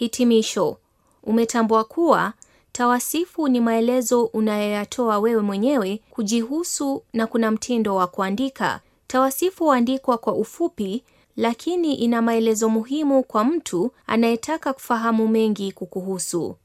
Hitimisho: umetambua kuwa tawasifu ni maelezo unayoyatoa wewe mwenyewe kujihusu, na kuna mtindo wa kuandika. Tawasifu huandikwa kwa ufupi, lakini ina maelezo muhimu kwa mtu anayetaka kufahamu mengi kukuhusu.